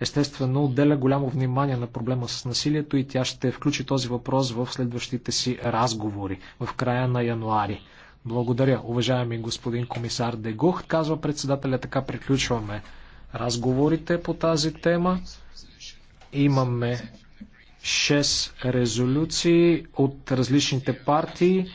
естествено отделя голямо внимание на проблема с насилието и тя ще включи този въпрос в следващите си разговори в края на януари. Благодаря, уважаеми господин комисар Дегух, казва председателя. Така приключваме разговорите по тази тема. Имаме 6 резолюции от различните партии.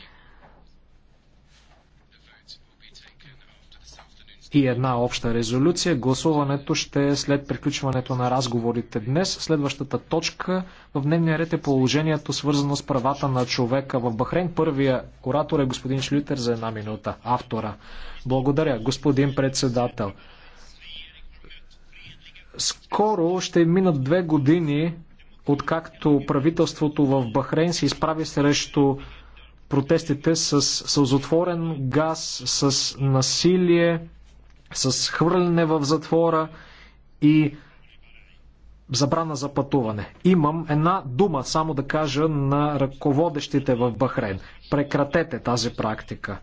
и една обща резолюция. Гласуването ще е след приключването на разговорите днес. Следващата точка в дневния ред е положението свързано с правата на човека в Бахрейн. Първия оратор е господин Шлютер за една минута. Автора. Благодаря, господин председател. Скоро ще минат две години откакто правителството в Бахрейн се изправи срещу протестите с сълзотворен газ, с насилие, с хвърляне в затвора и забрана за пътуване. Имам една дума само да кажа на ръководещите в Бахрейн. Прекратете тази практика.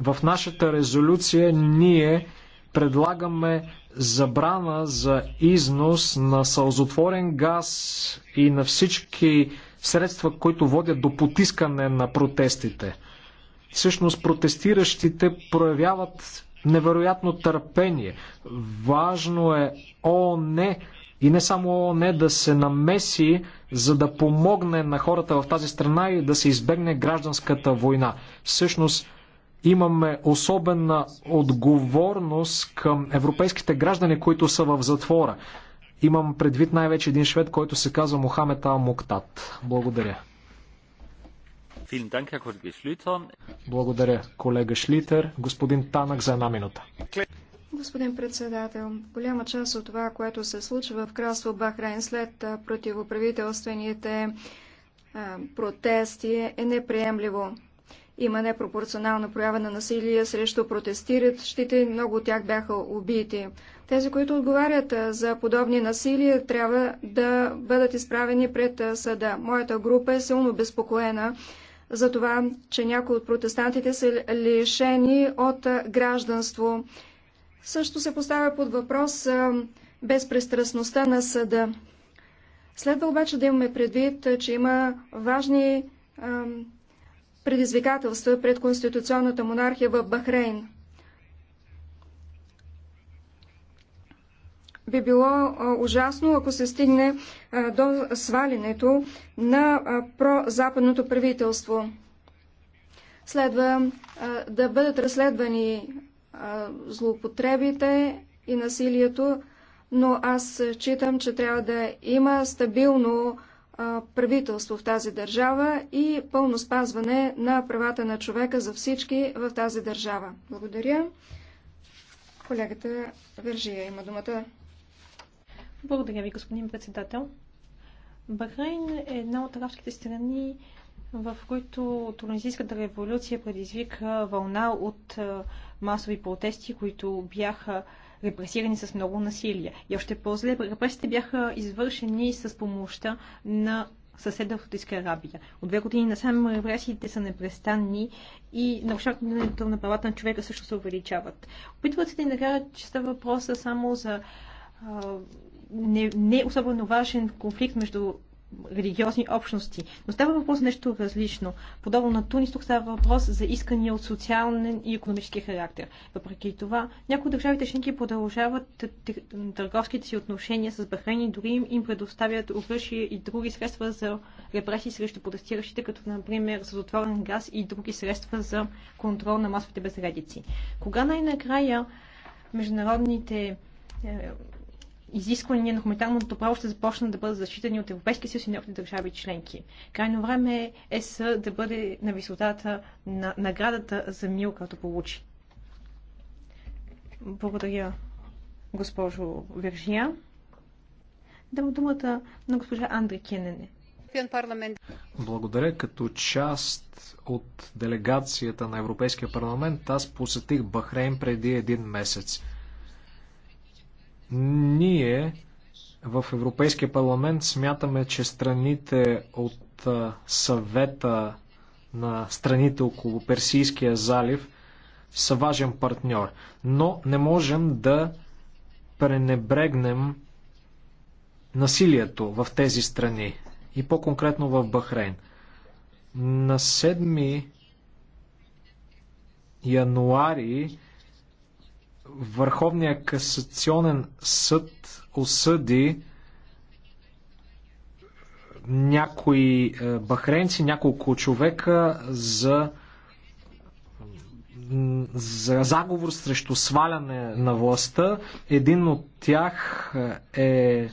В нашата резолюция ние предлагаме забрана за износ на сълзотворен газ и на всички средства, които водят до потискане на протестите. Всъщност протестиращите проявяват невероятно търпение. Важно е ООН и не само ООН да се намеси, за да помогне на хората в тази страна и да се избегне гражданската война. Всъщност, имаме особена отговорност към европейските граждани, които са в затвора. Имам предвид най-вече един швед, който се казва Мохамед Ал Моктат. Благодаря. Благодаря, колега Шлитер. Господин Танък за една минута. Господин председател, голяма част от това, което се случва в кралство Бахрейн след противоправителствените протести е неприемливо. Има непропорционална проява на насилие срещу протестиращите, много от тях бяха убити. Тези, които отговарят за подобни насилия, трябва да бъдат изправени пред съда. Моята група е силно безпокоена за това, че някои от протестантите са лишени от гражданство. Също се поставя под въпрос безпристрастността на съда. Следва обаче да имаме предвид, че има важни предизвикателства пред конституционната монархия в Бахрейн. би било ужасно, ако се стигне до свалянето на прозападното правителство. Следва да бъдат разследвани злоупотребите и насилието, но аз читам, че трябва да има стабилно правителство в тази държава и пълно спазване на правата на човека за всички в тази държава. Благодаря. Колегата Вержия има думата. Благодаря ви, господин председател. Бахрейн е една от арабските страни, в които тунизийската революция предизвика вълна от масови протести, които бяха репресирани с много насилие. И още по-зле, репресите бяха извършени с помощта на съседа в Саудитска Арабия. От две години насам репресиите са непрестанни и нарушаването на правата на човека също се увеличават. Опитват се да ни накарат, че става въпроса само за не, не особено важен конфликт между религиозни общности. Но става въпрос нещо различно. Подобно на Тунис, тук става въпрос за искания от социален и економически характер. Въпреки това, някои държавите членки продължават търговските си отношения с Бахрейн и дори им, им предоставят оръжие и други средства за репресии срещу протестиращите, като например с отворен газ и други средства за контрол на масовите безредици. Кога най-накрая международните е, изисквания на хуманитарното право ще започнат да бъдат защитени от Европейския съюз и неговите държави членки. Крайно време е ЕС да бъде на висотата на наградата за мил, като получи. Благодаря, госпожо Вержия. Дам думата на госпожа Андре Кенене. Благодаря. Като част от делегацията на Европейския парламент, аз посетих Бахрейн преди един месец. Ние в Европейския парламент смятаме, че страните от съвета на страните около Персийския залив са важен партньор. Но не можем да пренебрегнем насилието в тези страни и по-конкретно в Бахрейн. На 7 януари Върховния касационен съд осъди някои е, бахренци, няколко човека за, за заговор срещу сваляне на властта. Един от тях е, е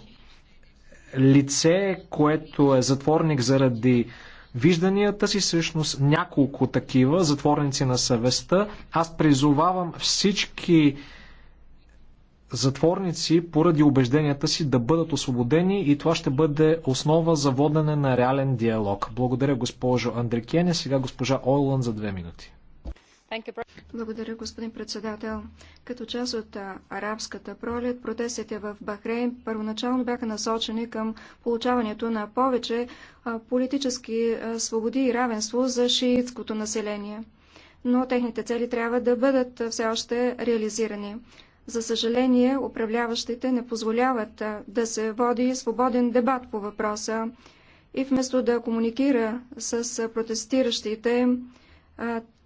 лице, което е затворник заради вижданията си, всъщност няколко такива затворници на съвестта. Аз призовавам всички затворници поради убежденията си да бъдат освободени и това ще бъде основа за водене на реален диалог. Благодаря госпожо Андрекене. Сега госпожа Ойлан за две минути. Благодаря, господин председател. Като част от арабската пролет, протестите в Бахрейн първоначално бяха насочени към получаването на повече политически свободи и равенство за шиитското население. Но техните цели трябва да бъдат все още реализирани. За съжаление, управляващите не позволяват да се води свободен дебат по въпроса и вместо да комуникира с протестиращите,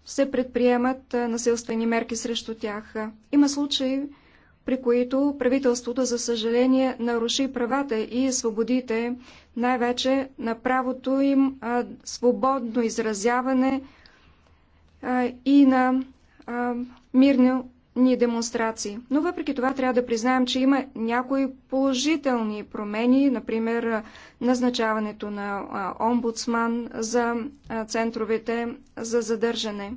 се предприемат насилствени мерки срещу тях. Има случаи, при които правителството, за съжаление, наруши правата и свободите, най-вече на правото им а, свободно изразяване а, и на а, мирно ни демонстрации. Но въпреки това трябва да признаем, че има някои положителни промени, например назначаването на омбудсман за центровете за задържане.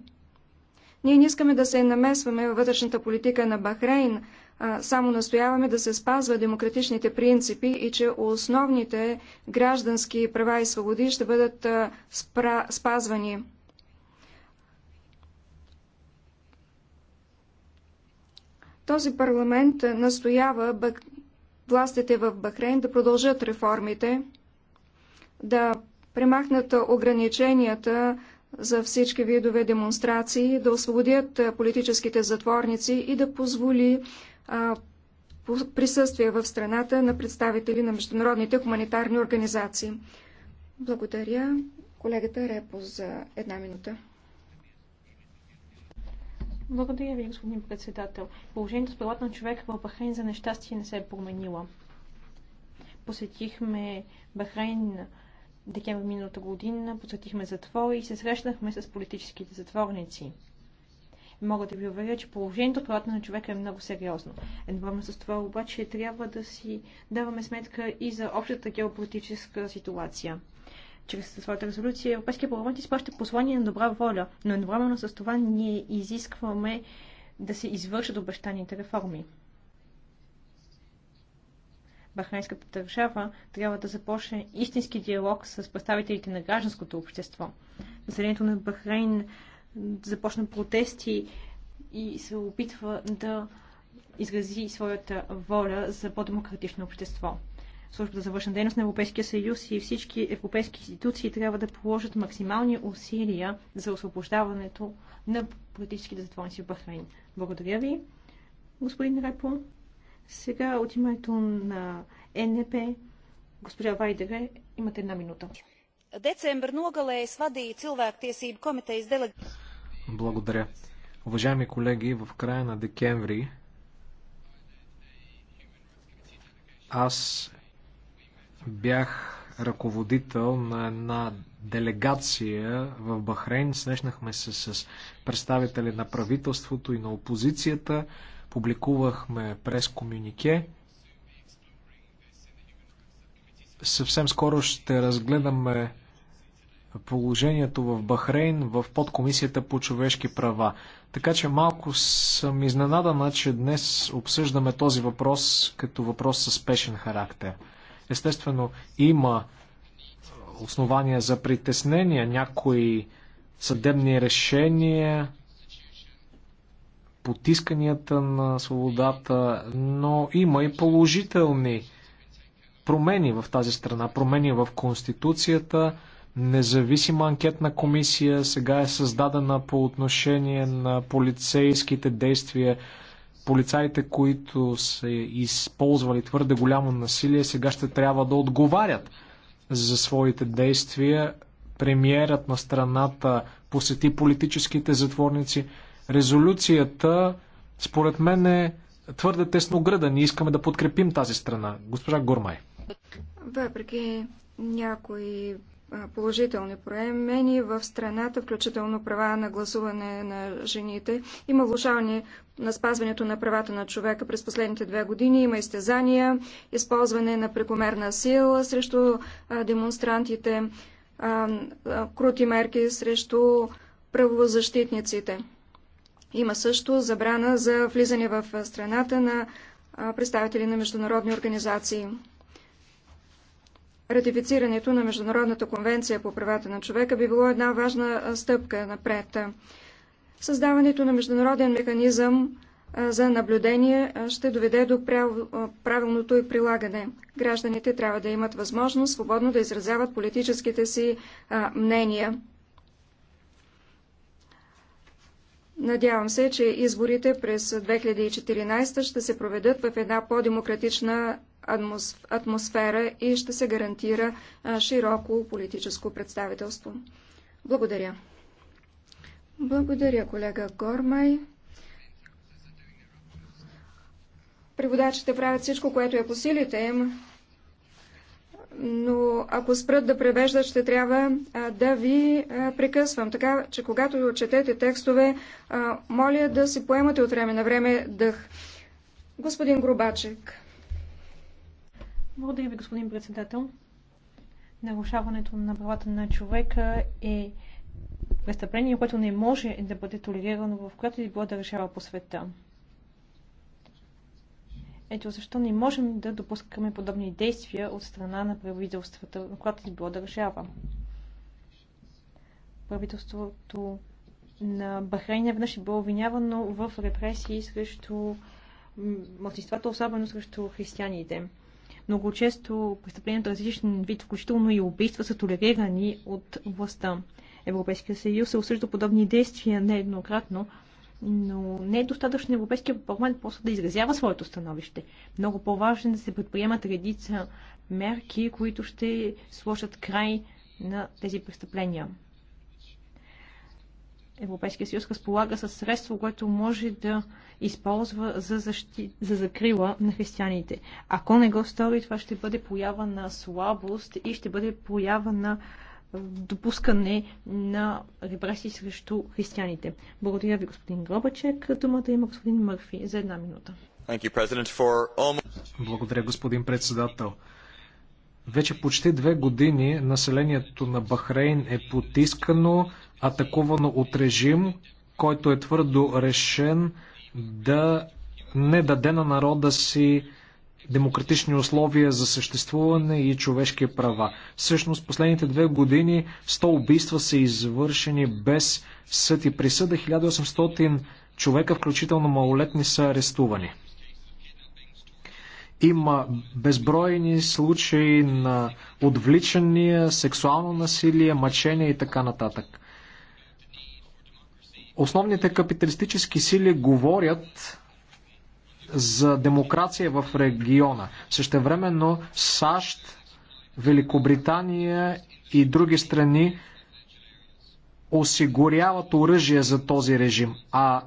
Ние не искаме да се намесваме във вътрешната политика на Бахрейн, само настояваме да се спазва демократичните принципи и че основните граждански права и свободи ще бъдат спра... спазвани. Този парламент настоява бък... властите в Бахрейн да продължат реформите, да премахнат ограниченията за всички видове демонстрации, да освободят политическите затворници и да позволи присъствие в страната на представители на международните хуманитарни организации. Благодаря колегата Репо за една минута. Благодаря ви, господин председател. Положението с правата на човека в Бахрейн за нещастие не се е променило. Посетихме Бахрейн декември миналата година, посетихме затвори и се срещнахме с политическите затворници. Мога да ви уверя, че положението с правата на човека е много сериозно. Едновременно с това обаче трябва да си даваме сметка и за общата геополитическа ситуация чрез своята резолюция Европейския парламент изпраща послание на добра воля, но едновременно с това ние изискваме да се извършат обещаните реформи. Бахрайнската държава трябва да започне истински диалог с представителите на гражданското общество. Населението на Бахрейн започна протести и се опитва да изрази своята воля за по-демократично общество службата за външна дейност на Европейския съюз и всички европейски институции трябва да положат максимални усилия за освобождаването на политическите затворници в Бахрейн. Благодаря ви, господин Репо. Сега от името на НП, госпожа Вайдере, имате една минута. Децембър ногале свади Цилвактиесиб комите делег... Благодаря. Уважаеми колеги, в края на декември аз бях ръководител на една делегация в Бахрейн. Срещнахме се с представители на правителството и на опозицията. Публикувахме прес-комюнике. Съвсем скоро ще разгледаме положението в Бахрейн в подкомисията по човешки права. Така че малко съм изненадана, че днес обсъждаме този въпрос като въпрос със спешен характер. Естествено, има основания за притеснения, някои съдебни решения, потисканията на свободата, но има и положителни промени в тази страна, промени в Конституцията, независима анкетна комисия сега е създадена по отношение на полицейските действия полицаите, които са използвали твърде голямо насилие, сега ще трябва да отговарят за своите действия. Премиерът на страната посети политическите затворници. Резолюцията, според мен, е твърде тесно тесногръда. Ние искаме да подкрепим тази страна. Госпожа Гормай. Въпреки някои положителни промени в страната, включително права на гласуване на жените. Има влушаване на спазването на правата на човека през последните две години. Има изтезания, използване на прекомерна сила срещу демонстрантите, крути мерки срещу правозащитниците. Има също забрана за влизане в страната на представители на международни организации. Ратифицирането на Международната конвенция по правата на човека би било една важна стъпка напред. Създаването на международен механизъм за наблюдение ще доведе до правилното и прилагане. Гражданите трябва да имат възможност свободно да изразяват политическите си мнения. Надявам се, че изборите през 2014 ще се проведат в една по-демократична атмосфера и ще се гарантира широко политическо представителство. Благодаря. Благодаря, колега Гормай. Преводачите правят всичко, което е по силите им, но ако спрат да превеждат, ще трябва да ви прекъсвам. Така, че когато четете текстове, моля да си поемате от време на време дъх. Господин Грубачек. Благодаря ви, господин председател. Нарушаването на правата на човека е престъпление, което не може да бъде толерирано в която и било държава по света. Ето защо не можем да допускаме подобни действия от страна на правителствата, на която и било държава. Правителството на Бахрейн е веднъж било обвинявано в репресии срещу младсинствата, особено срещу християните. Много често престъпленията различен вид, включително и убийства, са толерирани от властта. Европейския съюз се осъжда подобни действия нееднократно, но не е достатъчно Европейския парламент просто да изразява своето становище. Много по-важно е да се предприемат редица мерки, които ще сложат край на тези престъпления. Европейския съюз разполага с средство, което може да използва за, защи... за закрила на християните. Ако не го стори, това ще бъде поява на слабост и ще бъде поява на допускане на репресии срещу християните. Благодаря ви, господин Гробачек. Думата има господин Мърфи за една минута. Благодаря, господин председател. Вече почти две години населението на Бахрейн е потискано, атакувано от режим, който е твърдо решен да не даде на народа си демократични условия за съществуване и човешки права. Всъщност последните две години 100 убийства са извършени без съд и присъда, 1800 човека, включително малолетни, са арестувани. Има безбройни случаи на отвличания, сексуално насилие, мъчение и така нататък. Основните капиталистически сили говорят за демокрация в региона. Същевременно САЩ, Великобритания и други страни осигуряват оръжие за този режим, а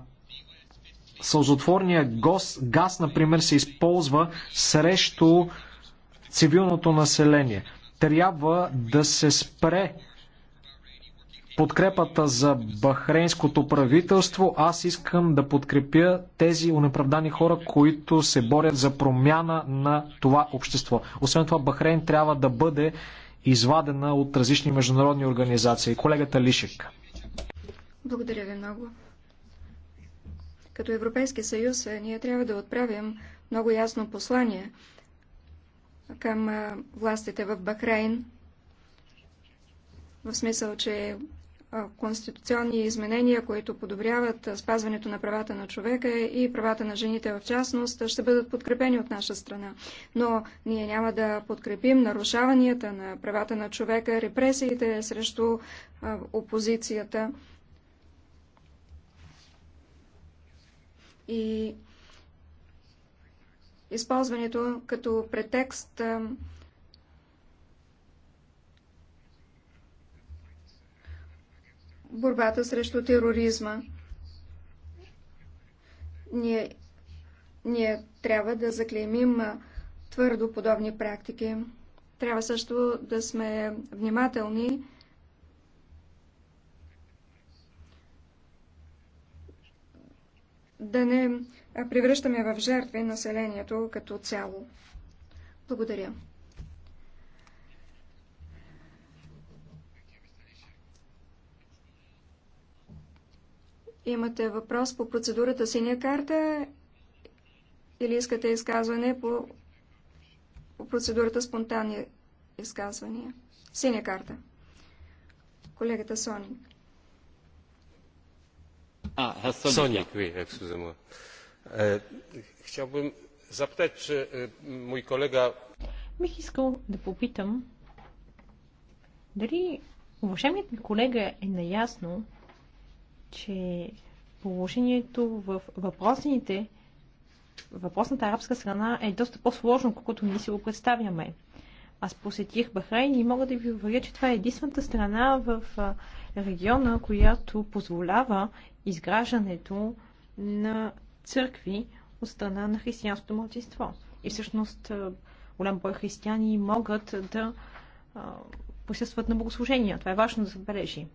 сълзотворния гос, газ, например, се използва срещу цивилното население. Трябва да се спре подкрепата за бахрейнското правителство. Аз искам да подкрепя тези унеправдани хора, които се борят за промяна на това общество. Освен това, Бахрейн трябва да бъде извадена от различни международни организации. Колегата Лишек. Благодаря ви много. Като Европейски съюз е, ние трябва да отправим много ясно послание към властите в Бахрейн, в смисъл, че конституционни изменения, които подобряват спазването на правата на човека и правата на жените в частност, ще бъдат подкрепени от наша страна. Но ние няма да подкрепим нарушаванията на правата на човека, репресиите срещу опозицията. И използването като претекст борбата срещу тероризма. Ние, ние трябва да заклеймим твърдо подобни практики. Трябва също да сме внимателни да не превръщаме в жертви населението като цяло. Благодаря. Имате въпрос по процедурата синя карта или искате изказване по, по процедурата спонтанни изказвания? Синя карта. Колегата Сони. А, ви, oui, excusez-moi. E, chciałbym zapytać, Бих искал да попитам дали уважаемият ми колега е наясно, че положението в въпросните, въпросната арабска страна е доста по-сложно, колкото ние си го представяме. Аз посетих Бахрейн и мога да ви уверя, че това е единствената страна в региона, която позволява изграждането на църкви от страна на християнското младсинство. И всъщност голям брой християни могат да присъстват на богослужения. Това е важно да се отбележи.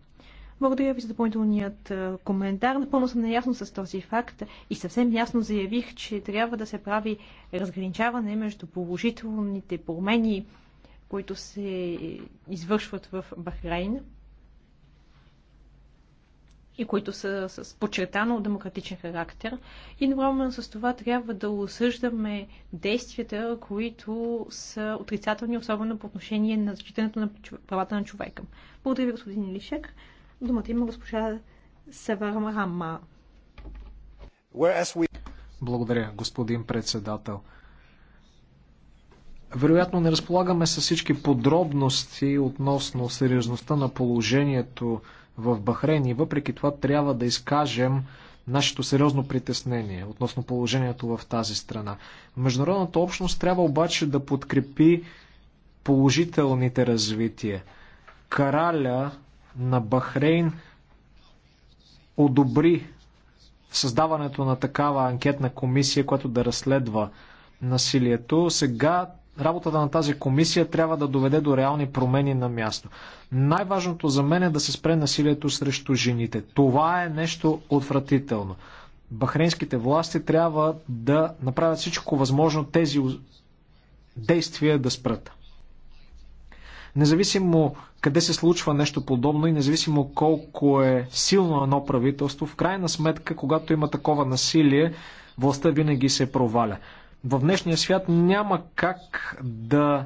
Благодаря ви за допълнителният коментар. Напълно съм наясно с този факт и съвсем ясно заявих, че трябва да се прави разграничаване между положителните промени, които се извършват в Бахрейн и които са с подчертано демократичен характер. И едновременно с това трябва да осъждаме действията, които са отрицателни, особено по отношение на защитането на правата на човека. Благодаря ви, господин Лишек. Думата има госпожа Севарам Рама. Благодаря, господин председател. Вероятно не разполагаме с всички подробности относно сериозността на положението в Бахрейн и въпреки това трябва да изкажем нашето сериозно притеснение относно положението в тази страна. Международната общност трябва обаче да подкрепи положителните развития. Караля на Бахрейн одобри създаването на такава анкетна комисия, която да разследва насилието. Сега работата на тази комисия трябва да доведе до реални промени на място. Най-важното за мен е да се спре насилието срещу жените. Това е нещо отвратително. Бахрейнските власти трябва да направят всичко възможно тези действия да спрат. Независимо къде се случва нещо подобно и независимо колко е силно едно правителство, в крайна сметка, когато има такова насилие, властта винаги се проваля. В днешния свят няма как да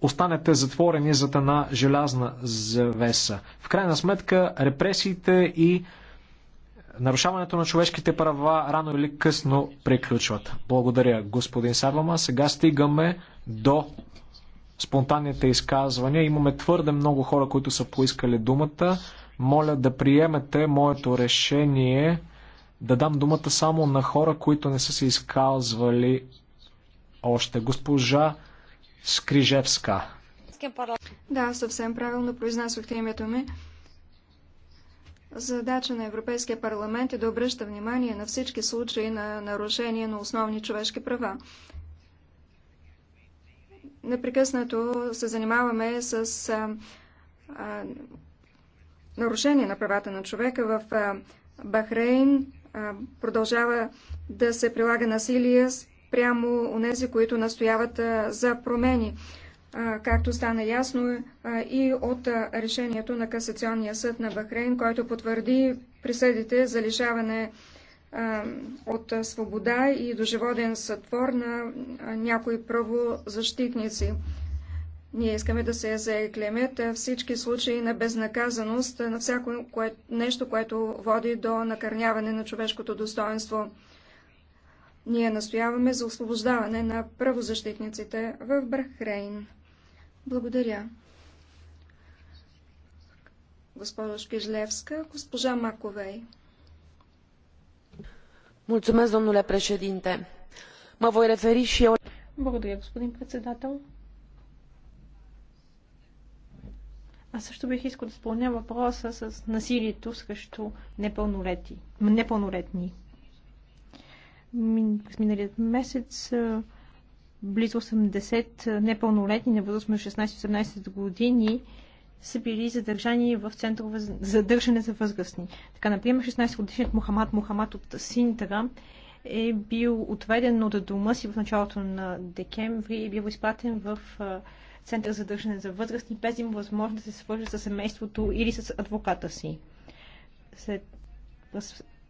останете затворени зад една желязна завеса. В крайна сметка, репресиите и нарушаването на човешките права рано или късно приключват. Благодаря, господин Савама. Сега стигаме до спонтанните изказвания. Имаме твърде много хора, които са поискали думата. Моля да приемете моето решение да дам думата само на хора, които не са се изказвали още. Госпожа Скрижевска. Да, съвсем правилно произнесохте името ми. Задача на Европейския парламент е да обръща внимание на всички случаи на нарушение на основни човешки права непрекъснато се занимаваме с а, а, нарушение на правата на човека в а, Бахрейн. А, продължава да се прилага насилие прямо у нези, които настояват а, за промени, а, както стана ясно а, и от а, решението на Касационния съд на Бахрейн, който потвърди присъдите за лишаване а, от свобода и доживоден сътвор на някои правозащитници. Ние искаме да се заеклемет всички случаи на безнаказаност, на всяко кое, нещо, което води до накърняване на човешкото достоинство. Ние настояваме за освобождаване на правозащитниците в Бахрейн. Благодаря. Госпожа Шпижлевска, госпожа Маковей. Mă voi referi și eu... Благодаря, господин председател. Аз също бих искал да спомня въпроса с насилието срещу непълнолетни. непълнолетни. През миналият месец близо 80 непълнолетни на възраст между 16 и 18 години са били задържани в центрове за задържане за възрастни. Така, например, 16-годишният Мухамад Мухамад от Синтера е бил отведен от дома си в началото на декември и е бил изпратен в център за задържане за възрастни, без им има възможност да се свържа с семейството или с адвоката си. След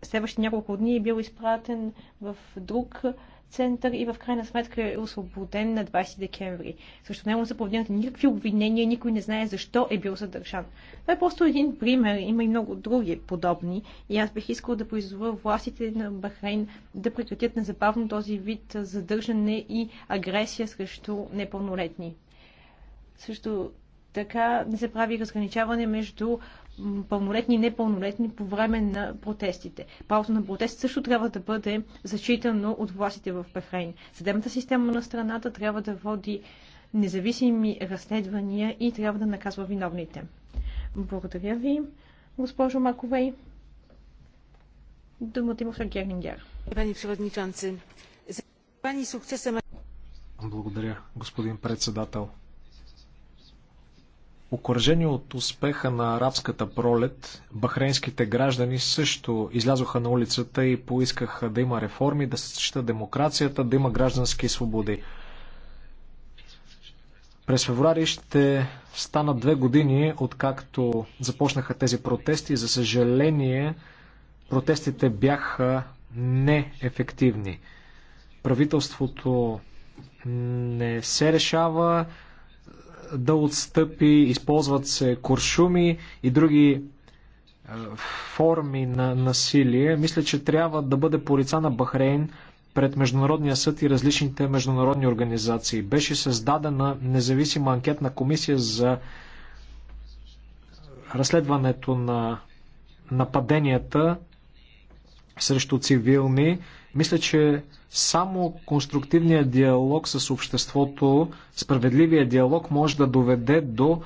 следващите няколко дни е бил изпратен в друг център и в крайна сметка е освободен на 20 декември. Срещу него са повдигнати никакви обвинения, никой не знае защо е бил задържан. Това е просто един пример, има и много други подобни и аз бих искал да призова властите на Бахрейн да прекратят незабавно този вид задържане и агресия срещу непълнолетни. Също така не се прави разграничаване между пълнолетни и непълнолетни по време на протестите. Правото на протест също трябва да бъде зачитано от властите в Бахрейн. Съдебната система на страната трябва да води независими разследвания и трябва да наказва виновните. Благодаря ви, госпожо Маковей. Думата има Франк Гернингер. Благодаря, господин председател. Окоръжени от успеха на арабската пролет, бахрейнските граждани също излязоха на улицата и поискаха да има реформи, да се защита демокрацията, да има граждански свободи. През феврари ще станат две години, откакто започнаха тези протести. За съжаление, протестите бяха неефективни. Правителството не се решава, да отстъпи, използват се куршуми и други е, форми на насилие. Мисля, че трябва да бъде полица на Бахрейн пред Международния съд и различните международни организации. Беше създадена независима анкетна комисия за разследването на нападенията срещу цивилни. Мисля, че само конструктивният диалог с обществото, справедливия диалог може да доведе до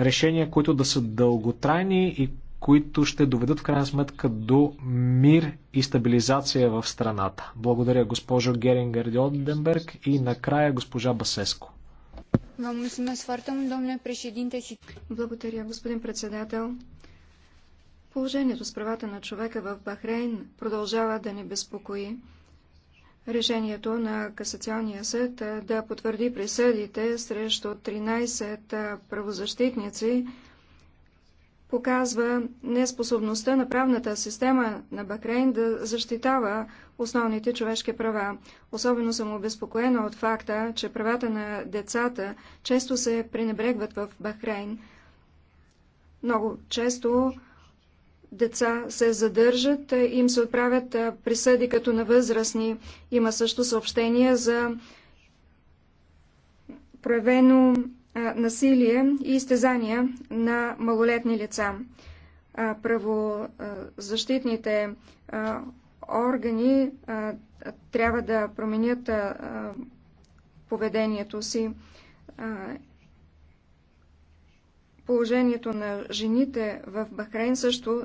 решения, които да са дълготрайни и които ще доведат в крайна сметка до мир и стабилизация в страната. Благодаря госпожо Герингер Оденберг и накрая госпожа Басеско. Благодаря, господин председател. Положението с правата на човека в Бахрейн продължава да ни безпокои. Решението на Касационния съд да потвърди присъдите срещу 13 правозащитници показва неспособността на правната система на Бахрейн да защитава основните човешки права. Особено съм обезпокоена от факта, че правата на децата често се пренебрегват в Бахрейн. Много често деца се задържат, им се отправят присъди като на възрастни. Има също съобщения за проявено насилие и изтезания на малолетни лица. Правозащитните органи трябва да променят поведението си. Положението на жените в Бахрейн също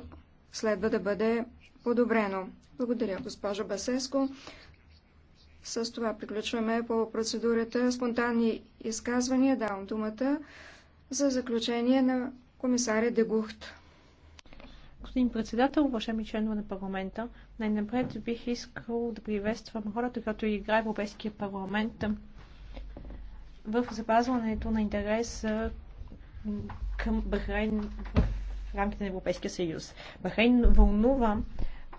следва да бъде подобрено. Благодаря, госпожа Басеско. С това приключваме по процедурата спонтанни изказвания. Давам думата за заключение на комисаря Дегухт. Господин председател, уважаеми членове на парламента, най-напред бих искал да приветствам хората, като играе Европейския парламент в запазването на интерес към Бахрейн в рамките на Европейския съюз. Бахрейн вълнува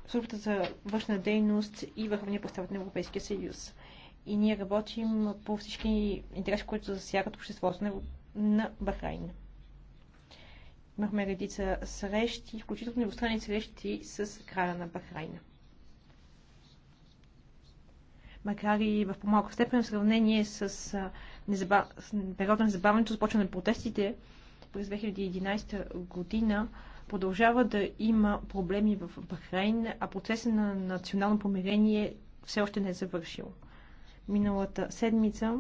службата за външна дейност и върховния представител на Европейския съюз. И ние работим по всички интереси, които засягат обществото на, Бахрейн. Имахме редица срещи, включително и двустранни срещи с края на Бахрейн. Макар и в по-малка степен в сравнение с, с периода на незабавното започване на протестите, през 2011 година продължава да има проблеми в Бахрейн, а процесът на национално помирение все още не е завършил. Миналата седмица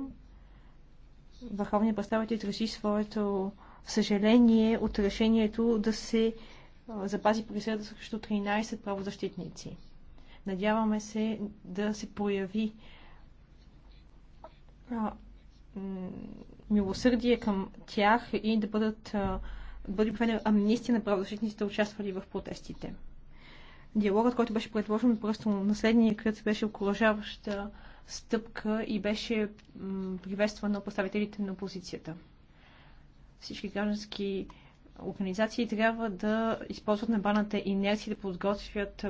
Върховният представител изрази своето съжаление от решението да се запази присъда срещу 13 правозащитници. Надяваме се да се прояви милосърдие към тях и да бъдат да бъде проведена амнистия на правозащитниците, участвали в протестите. Диалогът, който беше предложен просто наследния кръц, беше окоръжаваща стъпка и беше приветстван от представителите на опозицията. Всички граждански организации трябва да използват набаната инерция да подготвят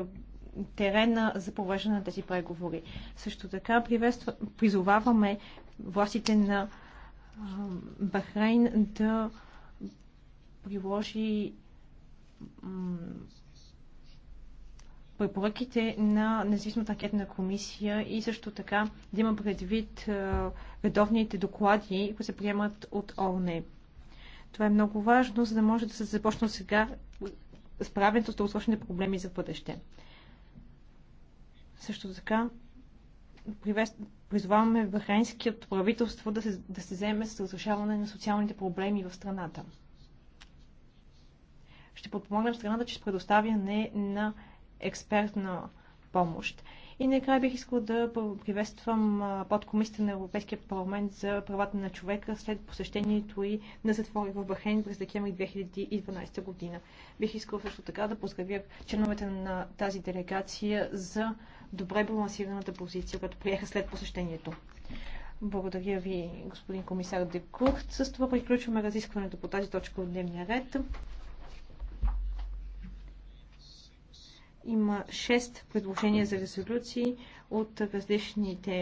терена за провеждане на тези преговори. Също така призоваваме властите на Бахрейн да приложи препоръките на независимата анкетна комисия и също така да има предвид редовните доклади, които се приемат от ОНЕ. Това е много важно, за да може да се започне сега справенето с дългосрочните проблеми за бъдеще. Също така призоваваме бахрейнският правителство да се, да се вземе с разрешаване на социалните проблеми в страната. Ще подпомогнем страната чрез предоставяне на експертна помощ. И накрая бих искал да приветствам подкомисията на Европейския парламент за правата на човека след посещението и на затвори в Бахрейн през декември 2012 година. Бих искал също така да поздравя членовете на тази делегация за добре балансираната позиция, която приеха след посещението. Благодаря ви, господин комисар Декурт. С това приключваме разискването по тази точка от дневния ред. Има 6 предложения за резолюции от различните